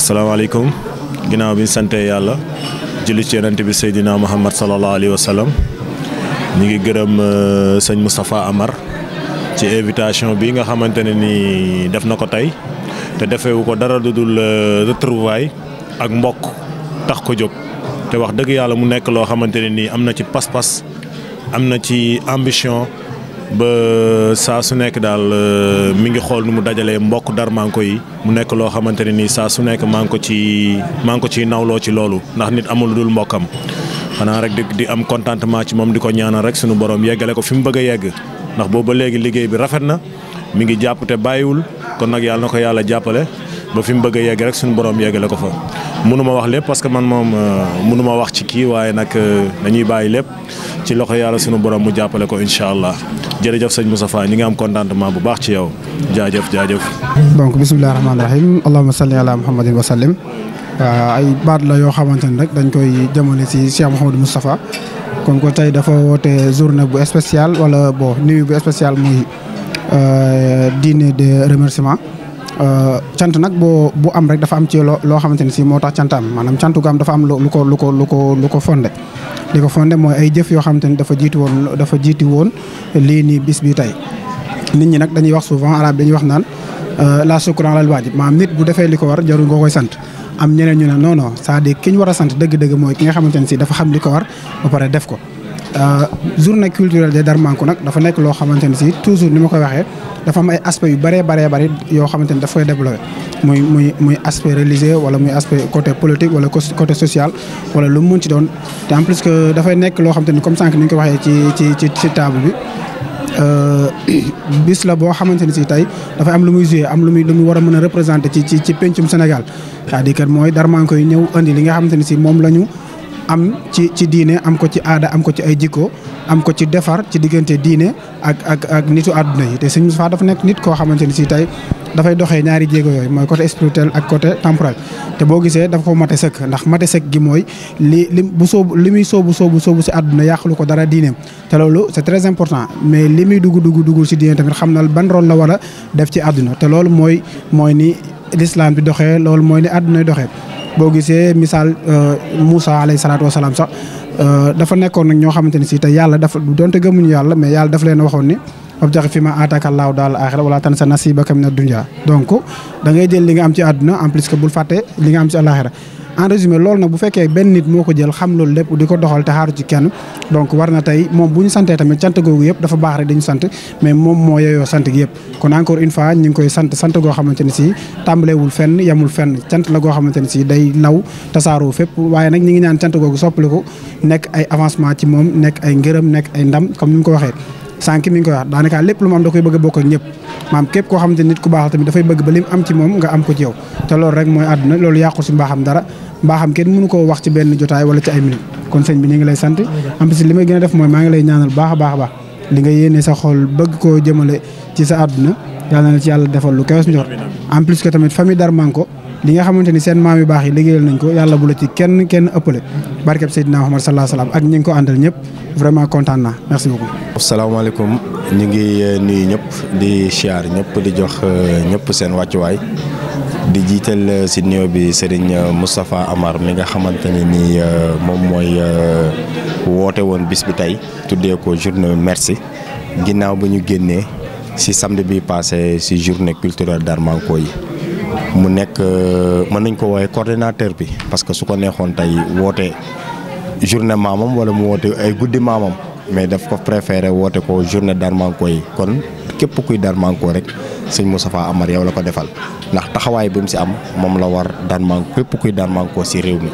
asalaamaaleykum ginnaaw bi ñu sante yàlla julli ci yonent bi Seydina Muhammad sallallahu alayhi wa sallam ñu ngi gërëm euh, sëñ Moustapha Amar ci invitation bi nga xamante ne nii def na ko tey te defewu ko dara lu dul euh, retrouvaille ak mbokk tax ko jóg te wax dëgg yàlla mu nekk loo xamante ne nii am na ci pas-pas am na ci ambition ba saa su nekk daal euh, mi ngi xool nu mu dajalee mbokk Darmanko yi mu nekk loo xamante ne nii saa su nekk maa ngi ko ci maa ngi ciy nawloo ci loolu ndax nit amul dul mbokkam xanaa rek di di am contentement ci moom di ko ñaanal rek sunu borom yeggale ko fi mu bëgg yegg ndax booba léegi liggéey bi rafet na mi ngi jàpp te bàyyiwul kon nag yàlla na ko yàlla jàppale ba fi mu bëgg a yegg rek suñu borom yeggale ko fa. mënu ma wax lépp parce que man moom euh, mënu ma wax ci kii waaye nag euh, dañuy bàyyi lépp. ci loxo yàlla sunu borom mu jàppale ko incha allah jërëjëf sëñ Moustapha ñu ngi am contentement bu baax ci yow jaajëf jaajëf. donc bisimilah rahmaani rahiim allahumma salli ala muhammadin wa sallim euh, ay baat la yoo xamante ne rek dañ koy jëmale si Cheikh Mouhamadou Moustapha kon ko tey dafa woote journée bu spéciale wala bo nuit bu spéciale muy euh, dîner de remerciement. Euh, cant nag boo bu am rek dafa am ci loo xamante ne si moo tax cant am maanaam cantu am dafa am lu ko lu ko lu ko lu ko fonde li ko fonde mooy ay jëf yoo xamante ni dafa jiitu woon dafa jiiti woon lii nii bis bi tey nit ñi nag dañuy wax souvent arabe dañuy wax naan euh, la sukran lal waajib maanaam nit bu defee li ko war jarul nga koy sant am ñeneen ñu ne non non cest à ki ñu war a sant dëgg-dëgg mooy ki nga xamante ne si dafa xam li ko war ba pare def ko Euh, journée culturelle des Darmanko nag dafa nekk loo xamante ne si toujours ni ma koy waxee dafa am ay aspects yu bëree bëree bëri yoo xamante ni daf koy développé muy muy muy aspect religieux wala muy aspect côté politique wala côté social wala lu mu mën ci doon te en plus que dafay nekk loo xamante ni comme sànq ni ñu ko waxee ci ci ci ci table bi. Euh, bis la boo xamante ni si tey dafay am lu muy joué am lu muy lu muy war a mën a représenter ci ci ci pencum Sénégal c'est-à-dire que mooy Darmanko yi ñëw indi li nga xamante ni si moom la ñu. am ci ci diine am ko ci aada am ko ci ay jikko am ko ci defar ci diggante diine ak ak ak nitu àdduna yi te sëñ Moustapha dafa nekk nit koo xamante ni si tey dafay doxee ñaari jéego yooyu mooy côté spirituel ak côté temporel te boo gisee dafa ko mate sëkk ndax mate sëkk gi mooy li li bu soobu li muy soobu soobu soobu si àdduna yàqalu ko dara diineem te loolu c'est très important mais li muy dugg dugg dugg si diine tamit xam na ban rôle na war a def ci àdduna te loolu mooy mooy ni l'islam bi doxee loolu mooy ni àdduna doxee boo gisee misaal euh, Moussa alayhi salaatu wa salaam sax euh, dafa nekkoon nag ñoo xamante ne si te yàlla dafa donte gëmuñu yàlla mais yàlla daf leen waxoon ni wabtaxi fi ma aataaka allaahu daal axira wala tansa nasiibaka mina dunya donc da ngay jël li nga am ci àdduna en plus que bul fàtte li nga am ci àlaxira en résumé loolu nag bu fekkee benn nit moo ko jël xam loolu lépp di ko doxal te xaaru ci kenn donc war na tey moom bu ñu santee tamit cant googu yëpp dafa baax rek dañu sant mais moom moo yeyoo sant gi yëpp kon encore une fois ñu ngi koy sant sant goo xamante ne si tàmbaleewul fenn yemul fenn cant la goo xamante ne si day law tasaaroo fépp waaye nag ñu ngi ñaan cant googu ko nekk ay avancement ci moom nekk ay ngërëm nekk ay ndam comme ni mu ko waxee sànq mi ngi koy wax daanaka lépp lu mu am da koy bëgg a bokk ak ñëpp maam képp koo xamante nit ku baax tamit dafay bëgg ba lim am ci moom nga am ko ci yow te loolu rek mooy àdduna loolu yàqu si mbaaxam dara mbaaxam kenn mënu koo wax ci benn jotaay wala ci ay minute kon sëñ bi ñu ngi lay sant am li may gën a def mooy maa ngi lay ñaanal baax a baax a baax li nga yéene sa xol bëgg koo jëmale ci sa àdduna yàlla na la ci yàlla defal lu kewes njort en tamit famille Darmanko li nga xamante ni seen maam baax yi liggéeyal nañ ko yàlla bu la ci kenn kenn ëppale barkeb Seydina Muhammad sallallahu alayhi wa ak ñu ngi ko àndal ñëpp vraiment kontaan naa merci beaucoup. asalaamaaleykum ñu ngi euh, nuyu ñëpp di siyaar ñëpp di jox euh, ñëpp seen wàccuwaay di jiital euh, si nuyoo bi Serigne Moustapha Amar mi nga xamante ne ni moom mooy woote woon bis bi tey tuddee ko journée merci ginnaaw bi ñu génnee si samedi bi passé si journée culturelle Darmanko yi. mu nekk euh, mën nañ ko woowee coordinateur bi parce que su ko neexoon tey woote journée maamam wala mu woote ay guddi maamam mais daf ko préféré woote ko journée Darmanko yi kon képp kuy Darmanko rek sëñ Moustapha Amar yow la ko defal ndax taxawaay bi mu si am moom la war Darmanko képp kuy Darmanko si réew mi.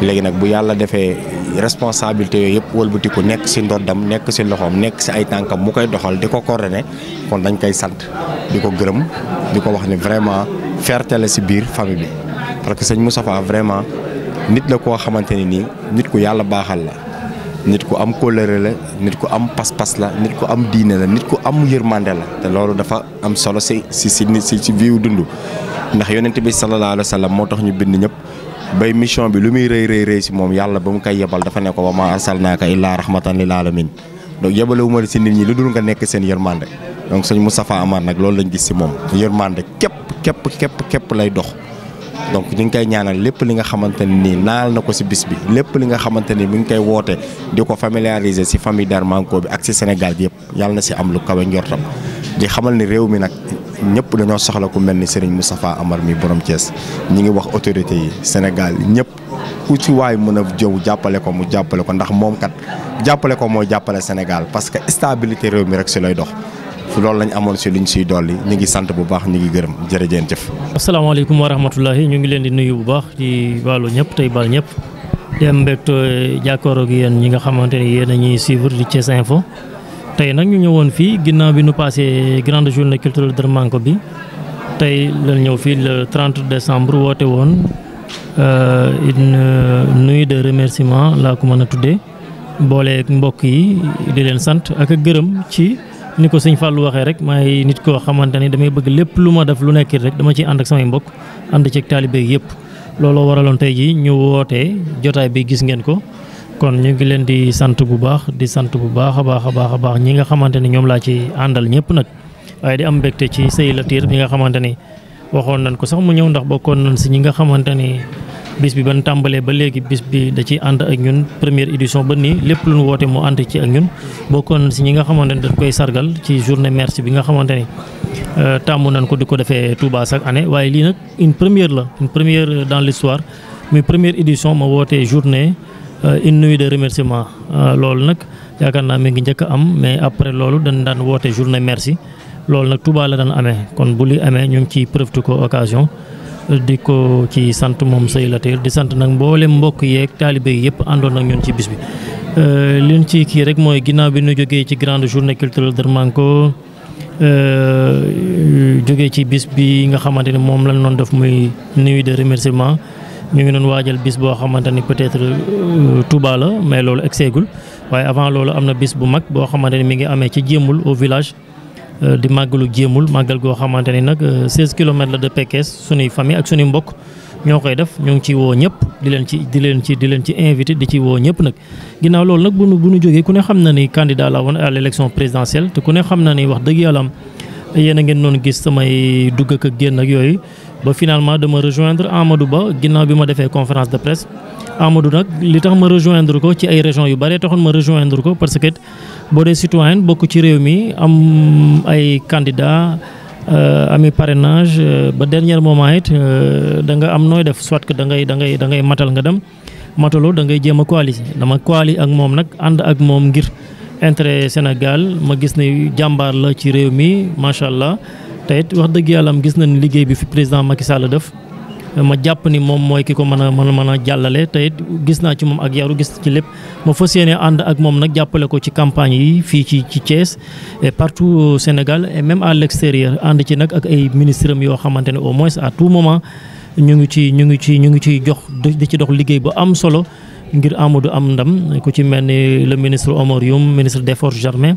léegi nag bu yàlla defee responsabilité yooyu yëpp wëlbati ko nekk si ndoddam nekk si loxoom nekk si ay tànkam mu koy doxal di ko coordonné kon dañ koy sant di ko gërëm di ko wax ni vraiment. fierté la si biir famille bi parce que sañ sëñ Moustapha vraiment nit la koo xamante ne nii nit ku yàlla baaxal la nit ku am kóllëre la nit ku am pas-pas la nit ku am diine la nit ku am yërmande la te loolu dafa am solo si si si si si biir dund ndax yonent bi sallallahu alayhi wa sallam moo tax ñu bind ñëpp bay mission bi lu muy rëy rëy rëy si moom yàlla ba mu koy yebal dafa ne ko wa maa arsalnaaka illaa rahmatan lil aalamiin donc yebale wu ma si nit ñi lu dul nga nekk seen yërmande. donc sëñ Moustapha Amar nag loolu lañ gis si moom yërmande képp képp képp képp lay dox donc ñu ngi koy ñaanal lépp li nga xamante ne nii naal na ko si bis bi lépp li nga xamante ni mi ngi koy woote di ko familiariser si famille Darmanko bi ak si Sénégal bi yëpp yàlla na si am lu kawe njortam di xamal ni réew mi nag ñëpp dañoo soxla ku mel ni Serigne Moustapha Amar mi borom Thiès ñi ngi wax autorité yi Sénégal ñëpp ku ci waay mën a jow jàppale ko mu jàppale ko ndax moom kat jàppale ko mooy jàppale Sénégal parce que stabilité réew mi rek si lay dox loolu lañ amoon si luñ siy dolli ñu ngi sant bu baax ñu ngi gërëm jërëjeen jëf. asalaamaaleykum wa rahmatulahi ñu ngi leen di nuyu bu baax di baalu ñëpp tey baal ñëpp di am mbégte eh, jàkkaaroo gi yéen ñi nga xamante ni yéen a ñuy suivre di Thiès Info. tey nag ñu ñëwoon fii ginnaaw bi nu passé grande journée culturelle manko bi tey lañ ñëw fii le 30 décembre woote woon eh, une euh, de remerciement laa ko mën a tuddee booleeg mbokk yi di leen sant ak gërëm ci. ni ko sëñ Fallou waxee rek maay nit koo xamante ni damay bëgg lépp lu ma def lu nekkit rek dama ciy ànd ak samay mbokk ànd ci taalibe yëpp looloo waraloon tey ji ñu wootee jotaay bi gis ngeen ko. kon ñu ngi leen di sant bu baax di sant bu baax a baax a baax a baax ñi nga xamante ni ñoom laa ci àndal ñëpp nag waaye di am mbégte ci sëy Latir bi nga xamante ni waxoon nañ ko sax mu ñëw ndax bokkoon nañ si ñi nga xamante ni bis bi ban tàmbalee ba léegi bis bi da ci ànd ak ñun première édition ba nii lépp lu woote mu ànd ci ak ñun bokkoon si ñi nga xamante ne daf koy sargal ci journée merci bi nga xamante ne euh, tàmm nañ ko di ko defee Touba chaque année waaye lii nag une première la une première dans l'histoire muy première édition ma wootee journée euh, une nuit de remerciement euh, loolu nag yaakaar naa mi ngi njëkk am mais après loolu dañ daan woote journée merci loolu nag Touba la daan amee kon bu ngi ciy profité ko di ko ci sant moom Seye Latyr di sant nag mboolem mbokk yeeg taalibe yi yëpp àndoon ak ñun ci bis bi. Euh, leen ci kii rek mooy ginnaaw bi nu jógee ci grande journée culturelle Darmanko euh, jógee ci bis bi nga xamante ni moom lañ doon def muy nuit de remerciement. ñu ngi doon waajal bis boo xamante ni peut-être euh, Touba la mais loolu egseegul waaye avant loolu am na bis bu mag boo xamante ni mi ngi amee ci jéemul au village. Euh, di màggalu jéemul màggal goo xamante ni nag 16 euh, kilomètres la de Pekes sunuy famille ak sunuy mbokk ñoo koy def ñu ngi ci woo ñëpp di leen ci di leen ci di leen ci invité di ci woo ñëpp nag. ginnaaw loolu nag bu nu bu nu jógee ku ne xam na ni candidat la woon à l'élection présidentielle te ku ne xam na ni wax dëgg yàlla am yéen a ngeen noonu gis samay dugg ak génn ak yooyu. ba finalement dama rejoindre Amadou Ba ginnaaw bi ma defee conférence de presse Amadou nag li tax ma rejoindre ko ci ay région yu bare taxoon ma rejoindre ko parce que boo dee citoyen bokk ci réew mi am ay candidat euh, ami parrainage euh, ba dernier moment it euh, da nga am nooy def soit que da ngay da ngay da ngay matal nga dem mataloo dangay ngay jéem a coaliser dama coaliser ak moom nag ànd ak moom ngir intérêt Sénégal ma gis ne jàmbaar la ci réew mi macha allah. te it wax dëgg yàlla am gis nañ liggéey bi fi président Macky Sall def ma jàpp ni moom mooy ki ko mën a mën a mën a jàllale te gis naa ci moom ak yaru gis ci lépp ma fa yéene ànd ak moom nag jàppale ko ci campagne yi fii ci ci Thiès et partout au Sénégal et même à l'extérieur ànd ci nag ak ay ministres am yoo xamante ne au moins à tout moment ñu ngi ci ñu ngi ci ñu ngi ciy jox di ci dox liggéey bu am solo ngir Amadou am ndam ku ci mel ni le ministre Oumar Youm ministre des for armées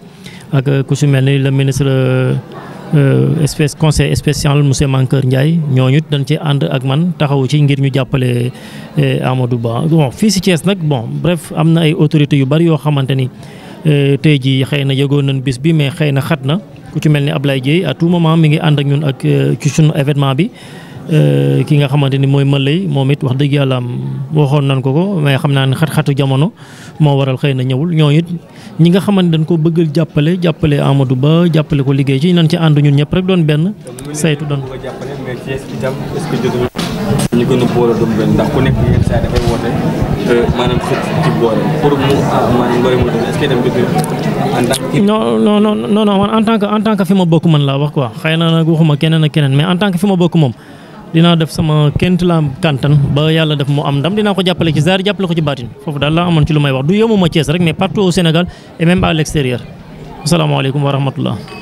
Euh, espèce conseil spécial monsieur Mankeur Ndiaye ñooñu it dañ ci ànd ak man taxawu ci ngir ñu jàppale euh, Amadou Ba bon fii si Thiès nag bon bref am na ay autorités yu bari yoo xamante ni euh, tey jii xëy na yëgoon nañ bis bi mais xëy na xat na ku ci mel ni Ablaye Dieye à tout moment mi ngi ànd ak ñun ak ci sunu événement bi. Euh, ki nga xamante ni mooy Maley moom it wax dëgg yàlla am waxoon nañ ko ko mais xam naa ni xat-xatu jamono moo waral xëy na ñëwul ñoo it ñi nga xamante dañ ko bëgga jàppale jàppale Amadou Ba jàppale ko liggéey ci nan ci ànd ñun ñëpp rek doon benn saytu doon. ñu gën a boole doon euh, ah, en tant en tant fi ma bokk man laa wax quoi xëy na nag waxuma keneen ak keneen mais en tant fi ma bokk moom. dinaa def sama kent laa kàntan ba yàlla def mu am ndam dinaa ko jàppale ci zaar jàppale ko ci baatin foofu daal laa amoon ci lu wax du yemuma Thiès rek mais partout au Sénégal et même à l'extérieur asalaamaaleykum wa